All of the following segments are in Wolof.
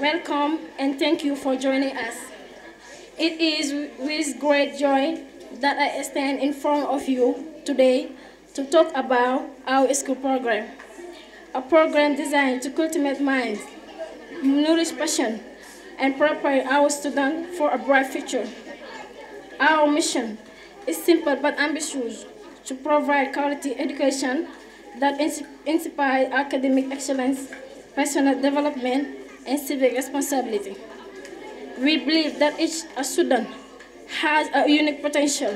Welcome and thank you for joining us. It is with great joy that I stand in front of you today to talk about our school program, a program designed to cultivate minds, nourish passion, and prepare our students for a bright future. Our mission is simple but ambitious, to provide quality education that inspires academic excellence, personal development, and civic responsibility. We believe that each Sudan has a unique potential,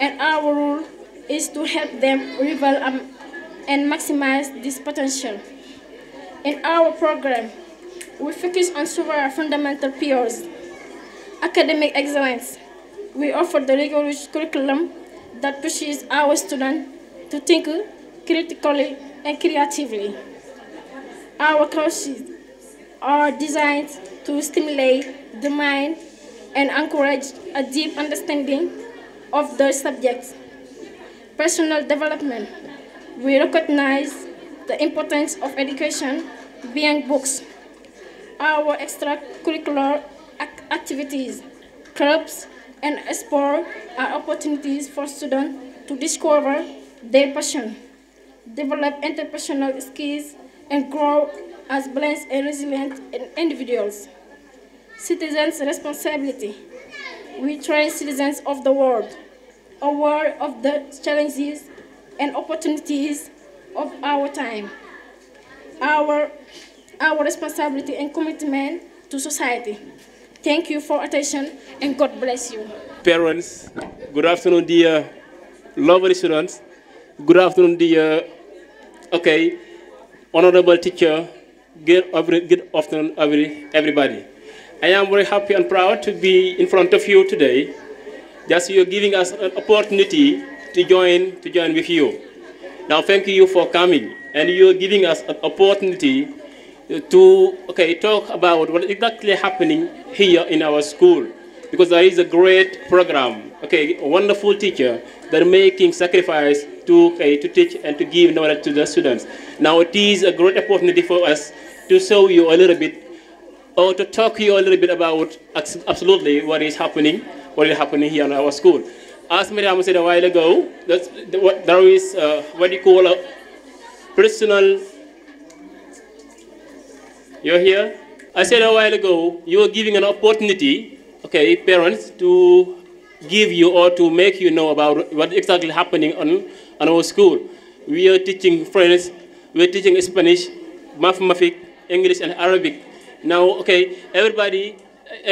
and our role is to help them reveal and maximize this potential. In our program, we focus on several fundamental pillars. Academic excellence. We offer the rigorous curriculum that pushes our students to think critically and creatively. Our courses are designed to stimulate the mind and encourage a deep understanding of those subjects. Personal development. We recognize the importance of education beyond books. Our extracurricular activities, clubs, and sport are opportunities for students to discover their passion, develop interpersonal skills, and grow as blessed and resilient individuals. Citizens' responsibility. We train citizens of the world, aware of the challenges and opportunities of our time. Our, our responsibility and commitment to society. Thank you for attention and God bless you. Parents, good afternoon dear lovely students. Good afternoon dear, okay, honorable teacher, good, good afternoon, every, everybody. I am very happy and proud to be in front of you today. Just you're giving us an opportunity to join, to join with you. Now, thank you for coming, and you're giving us an opportunity to okay talk about what exactly happening here in our school, because there is a great program. Okay, wonderful teacher that making sacrifice to okay, to teach and to give knowledge to the students. Now, it is a great opportunity for us to show you a little bit or to talk to you a little bit about absolutely what is happening, what is happening here in our school. As Miriam said a while ago, that's, there is uh, what you call a personal, you're here? I said a while ago, you are giving an opportunity, okay, parents, to give you or to make you know about what exactly happening on, on our school. We are teaching French, we are teaching Spanish, mathematics, English and Arabic. Now, okay, everybody,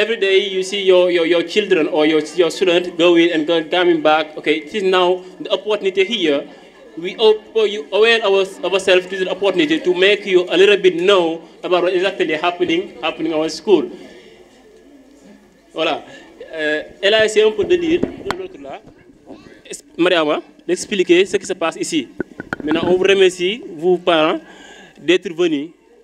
every day you see your, your, your children or your, your student going and going, coming back. Okay, it is now the opportunity here. We you aware our, ourselves to the opportunity to make you a little bit know about what exactly happening happening in our school. Voilà. Euh, elle a essayé un peu de dire, de là, Mariama, d'expliquer ce qui se passe ici. Maintenant, on vous remercie, vous parents, d'être venus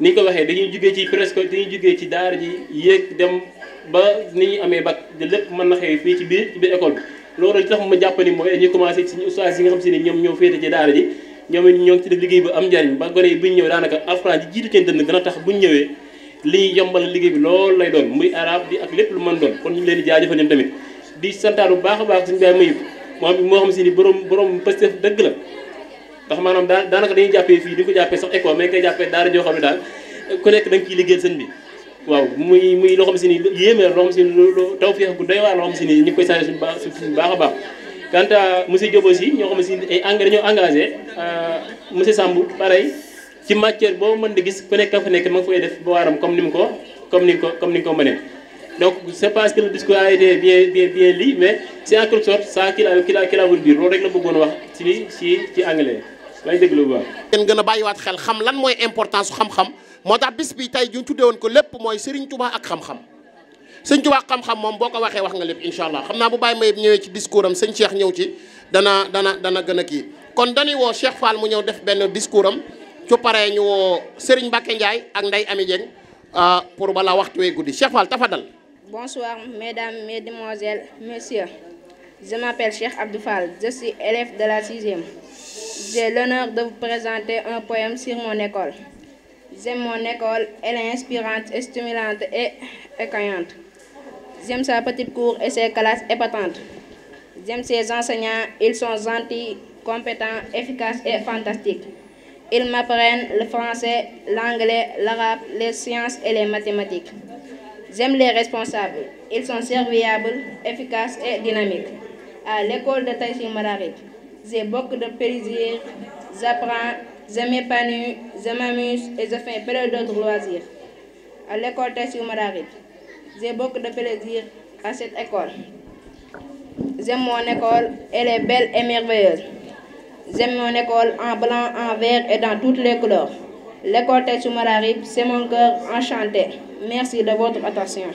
ni ko waxee dañuy jugee ci presque dañuy jugee ci daara ji yéeg dem ba ni ñuy amee bac lépp mën na xëy fii ci biir ci biir école bi loolu li tax ma jàpp ni mooy ñu commencé ci ustaas xam si ne ñoom ñoo féete ci daara ñoo ngi liggéey bu am njariñ ba gone yi buñ ñëwee daanaka alxuraan ji jiitu seen dënd dana tax buñ ñëwee li yombal liggéey bi loolu lay doon muy araab bi ak lépp lu man doon kon ñu leen di jaajëfal ñoom tamit di santaar bu baax a baax suñu baay mayib moom moo xam si ni boroom borom pastef dëgg la ndax maanaam daa daanaka dañuy jàppee fii di ko jàppee sax école mais koy jàppee daara joo xam ne daal ku nekk da nga ciy liggéeyal bi waaw muy muy loo xam si ni yéeme loo xam si ni taw féex gu doy waar loo xam si ni ñu ngi koy saa suñu baax si ni euh, boo mën di gis ku nekk ka fa nekk comme ni mu ko comme ni comme ni mu ko mënee donc c'est parce que le discours a été bien bien bien lu mais c'est loolu rek la bëggoon wax ci ci ci anglais lay déglu bu baax. ngeen gën a bàyyiwaat xel xam lan mooy importance su xam-xam moo tax bis bi tey ju tuddee woon ko lépp mooy Serigne Touba ak xam-xam. Sëñ Touba ak xam-xam moom boo ko waxee wax nga lépp incha allah xam naa bu bàyyi may ñëwee ci discours am sëñ Cheikh ñëw ci dana dana dana gën a kii kon dañuy woo Cheikh Fall mu ñëw def benn discours am su paree ñu woo Serigne Mbacke Ndiaye ak Ndeye Amy Dieng euh, pour balaa waxtu wee guddi Cheikh Fall tafa dal. bonsoir mesdames mesdemoiselles messieurs. Je m'appelle Cheikh Abdoufal, je suis élève de la sixième. J'ai l'honneur de vous présenter un poème sur mon école. J'aime mon école, elle est inspirante, stimulante et écaillante. J'aime sa petite cour et ses classes épatantes. J'aime ses enseignants, ils sont gentils, compétents, efficaces et fantastiques. Ils m'apprennent le français, l'anglais, l'arabe, les sciences et les mathématiques. J'aime les responsables, ils sont serviables, efficaces et dynamiques à l'école de Taïsir Mararik. J'ai beaucoup de plaisir, j'apprends, je m'épanouis, je m'amuse et je fais plein d'autres loisirs. À l'école Taïsir Mararik, j'ai beaucoup de plaisir à cette école. J'aime mon école, elle est belle et merveilleuse. J'aime mon école en blanc, en vert et dans toutes les couleurs. L'école Taïsir c'est mon cœur enchanté. Merci de votre attention.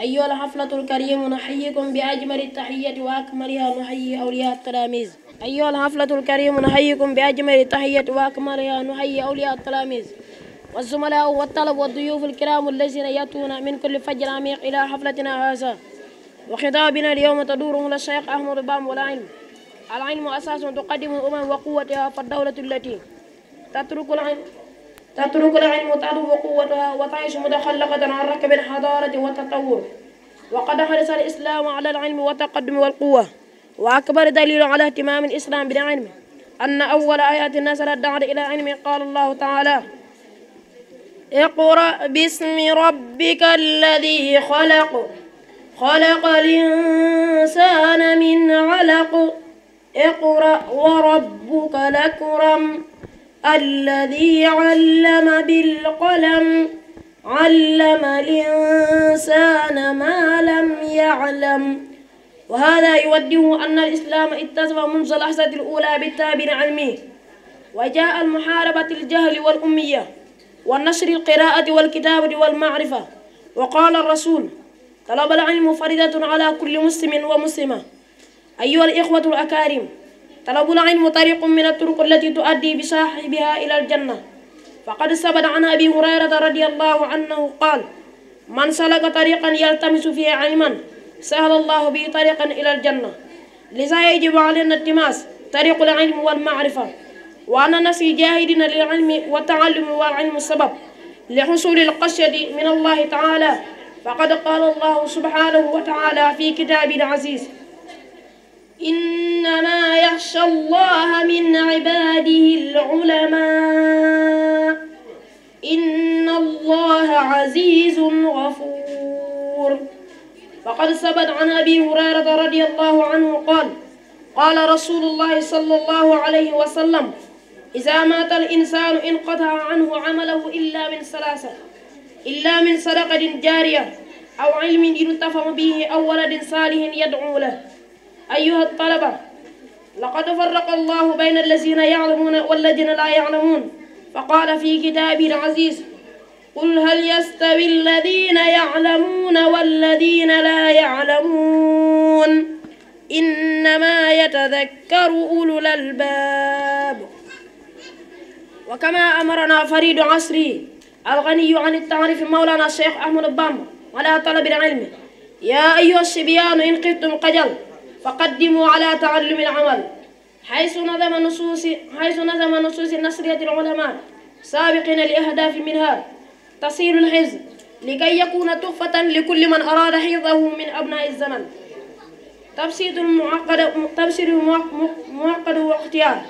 أيها الحفلة الكريم نحييكم بأجمل التحية وأكملها نحيي أولياء التلاميذ أيها الحفلة الكريم نحييكم بأجمل التحية وأكملها نحيي أولياء التلاميذ والزملاء والطلب والضيوف الكرام الذين يأتون من كل فجر عميق إلى حفلتنا هذا وخطابنا اليوم تدور من الشيخ أحمد بام والعلم العلم أساس تقدم الأمم وقوتها فالدولة التي تترك العلم تترك العلم وتعذب قوتها وتعيش متخلقة عن ركب الحضارة والتطور وقد حرص الإسلام على العلم والتقدم والقوة وأكبر دليل على اهتمام الإسلام بالعلم أن أول آيات نزل الدعوة إلى علم قال الله تعالى اقرأ باسم ربك الذي خلق خلق الإنسان من علق اقرأ وربك لكرم الذي علم بالقلم علم الإنسان ما لم يعلم وهذا يوده أن الإسلام اتصف منذ اللحظة الأولى بالتاب العلمي وجاء المحاربة الجهل والأمية والنشر القراءة والكتابة والمعرفة وقال الرسول طلب العلم فريضة على كل مسلم ومسلمة أيها الإخوة الأكارم طلب العلم طريق من الطرق التي تؤدي بصاحبها إلى الجنة فقد ثبت عن أبي هريرة رضي الله عنه قال من سلك طريقا يلتمس فيه علما سهل الله به طريقا إلى الجنة لذا يجب علينا التماس طريق العلم والمعرفة وأن نسي جاهدنا للعلم والتعلم والعلم السبب لحصول القشد من الله تعالى فقد قال الله سبحانه وتعالى في كتابه العزيز إنما يخشى الله من عباده العلماء إن الله عزيز غفور فقد ثبت عن أبي هريرة رضي الله عنه قال قال رسول الله صلى الله عليه وسلم إذا مات الإنسان انقطع عنه عمله إلا من ثلاثة إلا من صدقة جارية أو علم ينتفع به أو ولد صالح يدعو له أيها الطلبة لقد فرق الله بين الذين يعلمون والذين لا يعلمون فقال في كتابه العزيز قل هل يستوي الذين يعلمون والذين لا يعلمون إنما يتذكر أولو الألباب وكما أمرنا فريد عصري الغني عن التعريف مولانا الشيخ أحمد الضم على طلب العلم يا أيها الشبيان إن قدتم قجل فقدموا على تعلم العمل حيث نظم نصوص حيث نظم نصوص نصرية العلماء سابقين لأهداف منها تصير الحزب لكي يكون تحفة لكل من أراد حفظه من أبناء الزمن تبسيط معقد تبسيط معقد واختيار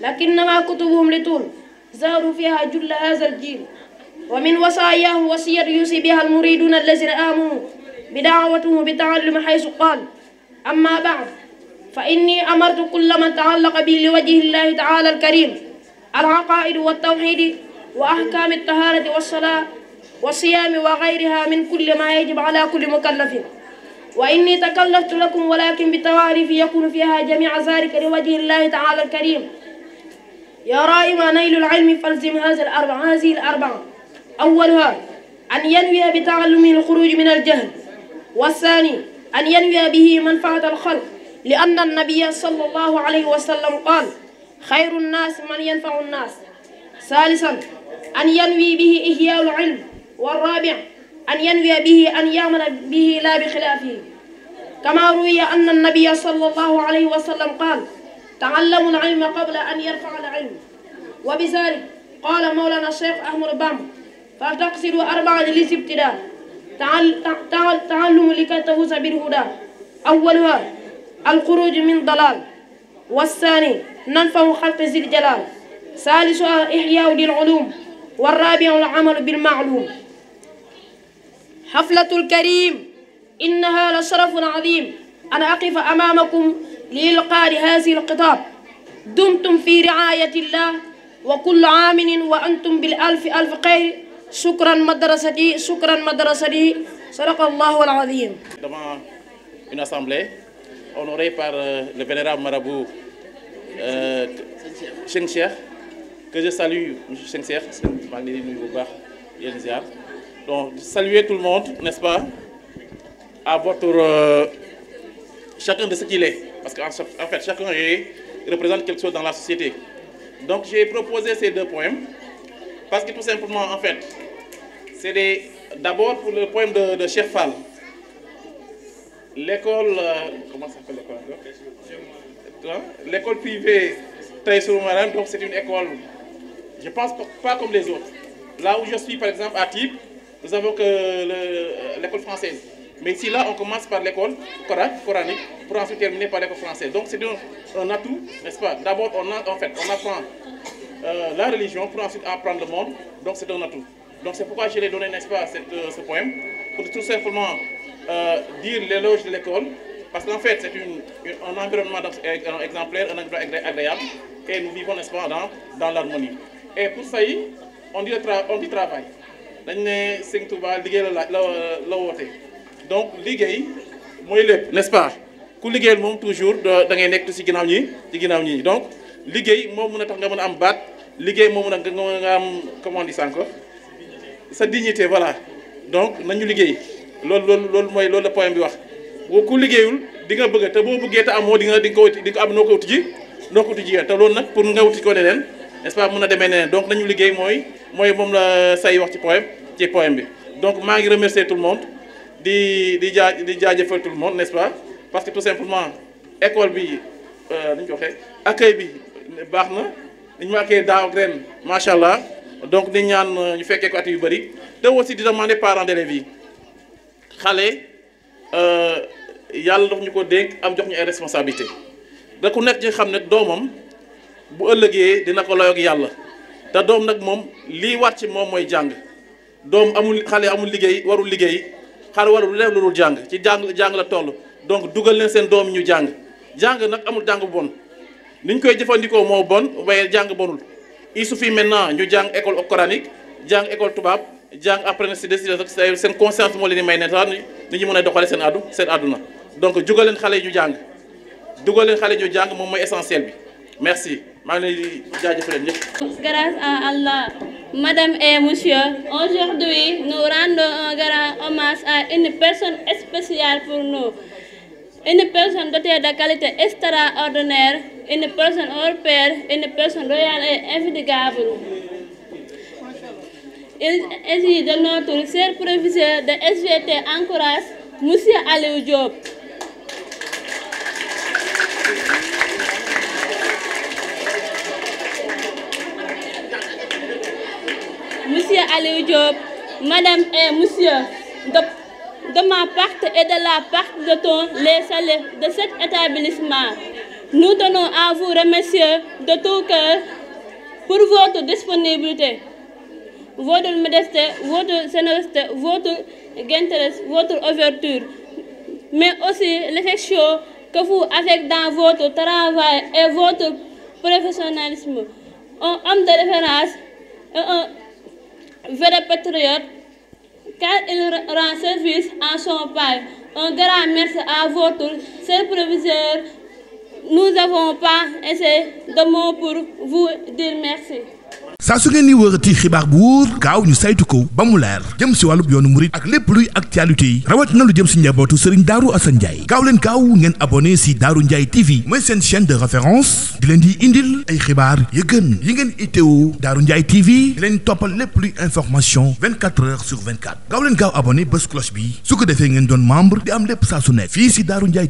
لكنما كتبهم لطول زاروا فيها جل هذا الجيل ومن وصاياه وصية يوصي بها المريدون الذين آمنوا بدعوته بتعلم حيث قال أما بعد فإني أمرت كل من تعلق بي لوجه الله تعالى الكريم العقائد والتوحيد وأحكام الطهارة والصلاة والصيام وغيرها من كل ما يجب على كل مكلف وإني تكلفت لكم ولكن بتواريف يكون فيها جميع ذلك لوجه الله تعالى الكريم يا رائم نيل العلم فالزم هذه الأربعة هذه الأربعة أولها أن ينوي بتعلمه الخروج من الجهل والثاني أن ينوي به منفعة الخلق لأن النبي صلى الله عليه وسلم قال خير الناس من ينفع الناس ثالثا أن ينوي به إحياء العلم والرابع أن ينوي به أن يعمل به لا بخلافه كما روي أن النبي صلى الله عليه وسلم قال تعلموا العلم قبل أن يرفع العلم وبذلك قال مولانا الشيخ أحمد بام فلتقصدوا أربعة للابتداء تعلم لكي سبيل بالهدى أولها الخروج من ضلال والثاني ننفع خلق ذي الجلال ثالثها إحياء للعلوم والرابع العمل بالمعلوم حفلة الكريم إنها لشرف عظيم أن أقف أمامكم لإلقاء هذه الخطاب دمتم في رعاية الله وكل عام وأنتم بالألف ألف خير shukran madrasati madrasati al devant une assemblée honorée par euh, le vénérable marabout euh, que je salue monsieur Cheikh Cheikh donc saluer tout le monde n'est-ce pas à votre euh, chacun de ce qu'il est parce que en fait chacun représente quelque chose dans la société donc j'ai proposé ces deux poèmes parce que tout simplement en fait c'est d'abord pour le poème de, de L'école, euh, hein? Hein? l'école privée très Madame, donc c'est une école, je pense pas comme les autres. Là où je suis, par exemple, à Type, nous avons que euh, l'école française. Mais ici, là, on commence par l'école coranique pour ensuite terminer par l'école française. Donc, c'est un, atout, n'est-ce pas D'abord, on, en fait, on apprend euh, la religion pour ensuite apprendre le monde. Donc, c'est un atout. Donc c'est pourquoi je l'ai donné, n'est-ce pas, euh, ce poème, pour tout simplement euh, dire l'éloge de l'école, parce qu'en fait c'est un environnement exemplaire, un environnement agréable, et nous vivons, n'est-ce pas, dans, l'harmonie. Et pour ça, on dit, on dit travail. Donc, l'idée, n'est-ce pas ku toujours dans donc sa dignité voilà donc nañu liggéey loolu loolu loolu mooy loolu la poème bi wax boo ku liggéeyul di nga bëgg te boo bëggee te amoo di nga di nga ko di nga am noo ji noo ji te loolu nag pour nga uti ko leneen n'est-ce pas mën a demee donc nañu liggéey mooy mooy moom la say wax ci poème ci poème bi donc maa ngi remercier tout le monde di di jaa di jaajëfal tout le monde n'est-ce pas parce que tout simplement école bi euh, nu ñu ko waxee accueil bi baax na ni ñu ma accueillir daaw ak ren donc ni ñaan euh, ñu fekkee ko at yu bari te aussi di demander parents d'élèves yi xale euh, yàlla daf ñu ko dénk am jox ñu ay responsabilité da ku nekk ñu xam ne doomam bu ëllëgee dina ko loyoog yàlla te doom nag moom lii war ci moom mooy jàng doom amul xale amul liggéey warul liggéey xale warul lu lu dul jàng ci jàng jàng la toll donc dugal leen seen doom ñu jàng jàng nag amul jàng bon ni ñu koy jëfandikoo moo bon waaye jàng bonul il suffit maintenant ñu jàng école coranique jàng école tubaab apprendre après si décider une conscience moo leen di may ne sax ni faire mën a doxale seen donc nous leen xale yi ñu jàng dugal leen essentiel merci grâce à Allah. Madame et Monsieur, aujourd'hui, nous rendons un grand hommage à une personne spéciale pour nous. Une personne dotée de qualité extraordinaire, une personne hors pair, une personne royale et invidigable. Il ici de notre cher de SVT encourage Monsieur Aliou Diop. Monsieur Aliou Diop, Madame et Monsieur, de ma part et de la part de tous les salaires de cet établissement. Nous tenons à vous remercier de tout cœur pour votre disponibilité, votre modestie, votre générosité, votre gentillesse, votre ouverture, mais aussi l'affection que vous avez dans votre travail et votre professionnalisme. Un homme de référence, un vrai patriote car il rend service à son père. Un grand merci à votre tous, Nous n'avons pas assez de mots pour vous dire merci. saa su ngeen ni wërati xibaar bu wóor gaaw ñu saytu ko ba mu laar jëm si wàllub yoonu murit ak lépp luy actualité yi rawat na lu jëm si njabootu sëriñ Daaru Asan Njaay gaaw leen gaaw ngeen abonné si Daaru Njaay TV mooy seen chaîne de référence di leen di indil ay xibaar yu gën yi ngeen itteewu Daaru Njaay TV di leen toppal lépp luy information 24 heures sur 24 gaaw leen gaaw abonné bés cloche bi su ko defee ngeen doon membre di am lépp saa su ne fii si Daaru Njaay